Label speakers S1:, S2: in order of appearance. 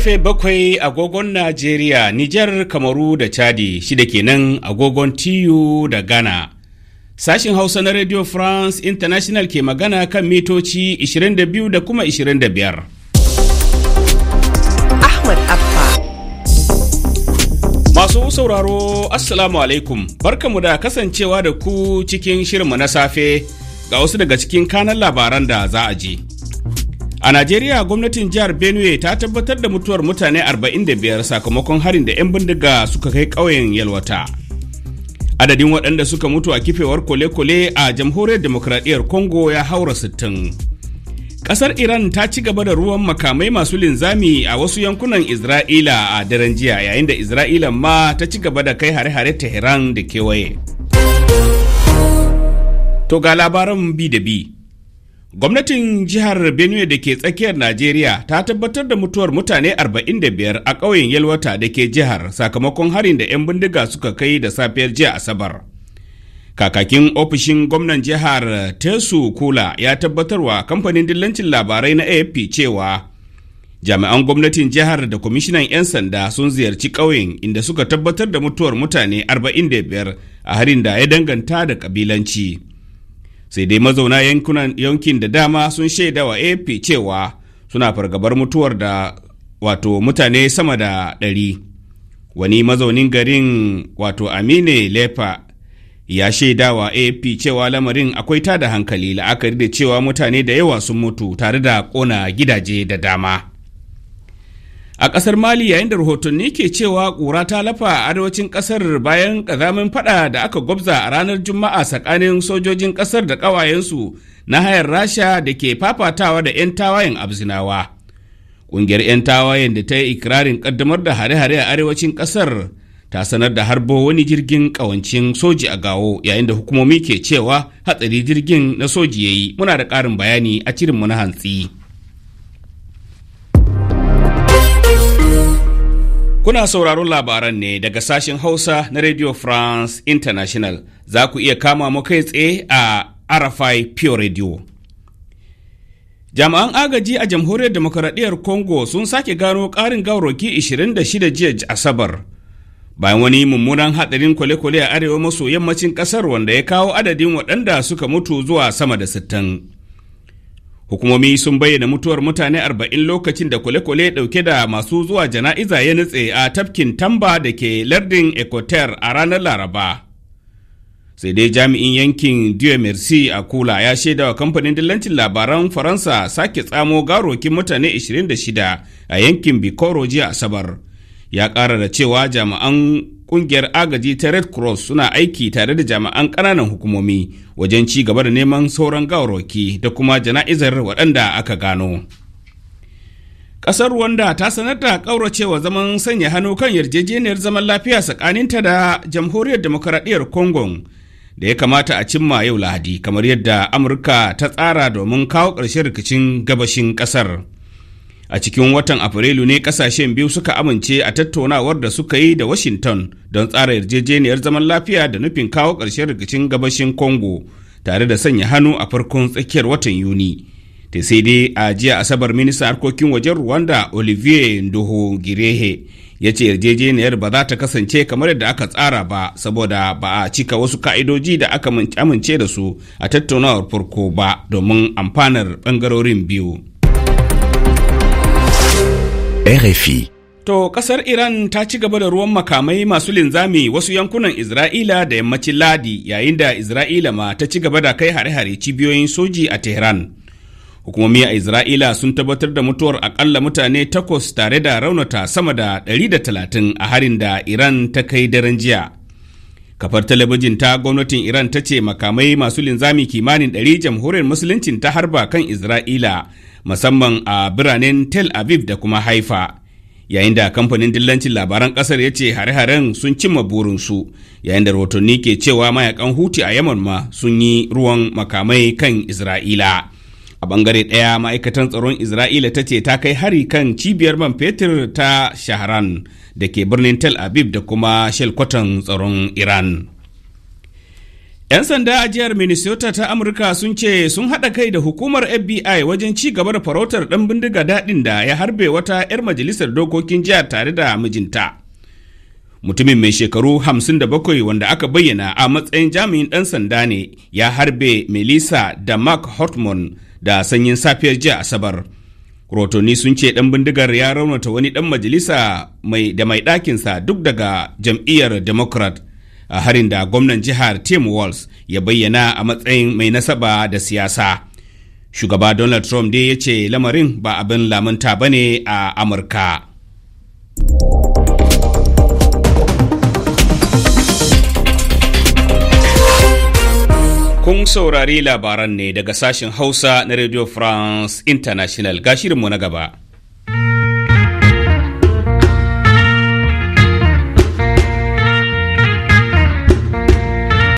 S1: karfe bakwai agogon Najeriya, Nijar, Kamaru da Chadi shida kenan agogon TU da Ghana. Sashin Hausa na Radio France International ke magana kan mitoci 22 da kuma 25. Ahmad Abba. Masu sauraro, Assalamu alaikum, barkamu da kasancewa da ku cikin shirinmu na safe ga wasu daga cikin kanan labaran da za a ji. A Najeriya gwamnatin jihar Benue ta tabbatar da mutuwar mutane 45 sakamakon harin da 'yan bindiga suka kai ƙauyen Yalwata. Adadin waɗanda suka mutu a kifewar kole-kole a jamhuriyar demokradiyyar Congo ya haura 60. Ƙasar Iran ta ci gaba da ruwan makamai masu linzami a wasu yankunan Isra'ila a daren jiya yayin da Isra'ila ma ta ci gaba da kai hare-hare Tehran da kewaye. To ga labaran bi da bi. Gwamnatin jihar Benue da ke tsakiyar Najeriya ta tabbatar da mutuwar mutane 45 a ƙauyen Yalwata da ke jihar sakamakon harin da 'yan bindiga suka kai da safiyar jiya Asabar. Kakakin ofishin gwamnan jihar Tesu Kula ya tabbatarwa kamfanin dillancin labarai na AFP cewa jami'an gwamnatin jihar da kwamishinan 'yan sanda sun ziyarci ƙauyen inda suka tabbatar da mutuwar mutane 45 a harin da ya danganta da ƙabilanci. sai dai mazauna yankin da dama sun shaida wa ap cewa suna fargabar mutuwar da wato mutane sama da ɗari wani mazaunin garin wato amine Lepa ya shaida wa ap cewa lamarin akwai ta da hankali la'akari da cewa mutane da yawa sun mutu tare da ƙona gidaje da dama a kasar mali yayin da rahotanni ke cewa ƙura ta lafa a arewacin kasar bayan ƙazamin fada da aka gwabza a ranar juma'a tsakanin sojojin kasar da ƙawayensu na hayar rasha da ke fafatawa da 'yan tawayen abzinawa ƙungiyar 'yan tawayen da ta yi ikirarin ƙaddamar da hare-hare a arewacin kasar ta sanar da harbo wani jirgin ƙawancin soji a gawo yayin da hukumomi ke cewa hatsari jirgin na soji ya yi muna da ƙarin bayani a cirinmu na hantsi. Kuna sauraron labaran ne daga sashen Hausa na Radio France International. Za ku iya kama mu kai tsaye a RFI Pure Radio. Jami'an agaji a Jamhuriyar Demokaradiyyar Congo sun sake gano ƙarin gawarwaki 26 jiya Asabar. Bayan wani mummunan hadarin kwale-kwale a arewa maso yammacin ƙasar wanda ya kawo adadin waɗanda suka mutu zuwa sama da sittin. Hukumomi sun bayyana mutuwar mutane arba'in lokacin da kwale-kwale ɗauke da masu zuwa jana'iza ya nutse a tafkin Tamba da ke lardin Equateur a ranar Laraba. Sai dai jami'in yankin Dieu Merci a Kula ya shaida wa kamfanin dillancin labaran Faransa sake tsamo garokin mutane 26 a yankin Bikoro jiya Asabar. ya ƙara da cewa jami'an ƙungiyar agaji ta red cross suna aiki tare da jami'an ƙananan hukumomi wajen ci gaba da neman sauran gawarwaki da kuma jana'izar waɗanda aka gano ƙasar wanda ta sanar da ƙauracewa zaman sanya hannu kan yarjejeniyar zaman lafiya tsakaninta da jamhuriyar demokaradiyyar congo da ya kamata a cimma yau lahadi kamar yadda amurka ta tsara domin kawo ƙarshen rikicin gabashin ƙasar. A cikin watan Afrilu ne kasashen biyu suka amince a tattaunawar da suka yi da Washington don tsara yarjejeniyar zaman lafiya da nufin kawo ƙarshen rikicin gabashin Congo tare da sanya hannu a farkon tsakiyar watan Yuni. ta sai dai a jiya Asabar ministan harkokin wajen Rwanda Olivier girehe ya ce yarjejeniyar ba za ta kasance kamar yadda aka tsara ba saboda ba a cika wasu ka'idoji da aka amince da su a tattaunawar farko ba domin amfanar ɓangarorin biyu. RFI. To kasar Iran ta ci gaba da ruwan makamai masu linzami wasu yankunan Isra'ila da yammacin Ladi yayin da Isra'ila ma ta ci gaba da kai hare-hare cibiyoyin soji a Tehran. Hukumomi a Isra'ila sun tabbatar da mutuwar akalla mutane takwas tare da raunata sama da 130 a harin da Iran ta kai daren jiya. Kafar talabijin ta gwamnatin Iran ta ce makamai masu linzami kimanin 100 jamhuriyar musuluncin ta harba kan Isra'ila. musamman a biranen Tel Aviv da kuma Haifa. Yayin da kamfanin dillancin labaran ƙasar ya ce hare-haren sun cimma burinsu, yayin da rahotanni ke cewa mayakan Huti a Yaman ma sun yi ruwan makamai kan Isra'ila. a bangare ɗaya ma'aikatan tsaron isra'ila ta ce ta kai hari kan cibiyar man fetur ta shaharan da ke birnin tel aviv da kuma shelkwatan tsaron iran 'Yan sanda a jihar Minnesota ta Amurka sun ce sun haɗa kai da hukumar FBI wajen ci gaba da farautar ɗan bindiga daɗin da ya harbe wata 'yar majalisar dokokin jihar tare da mijinta. Mutumin mai shekaru 57 wanda aka bayyana a matsayin jami'in ɗan sanda ne ya harbe Melissa da Mark Hortman da sanyin safiyar jiya Asabar. Rotoni sun ce ɗan bindigar ya raunata wani ɗan majalisa da mai ɗakinsa duk daga jam'iyyar Democrat. a harin da gwamnan jihar Tim Walz ya bayyana a matsayin mai nasaba da siyasa. Shugaba Donald Trump dai ya ce lamarin ba abin lamunta ba ne a Amurka. Kun saurari labaran ne daga sashen Hausa na Radio France International ga mu na gaba.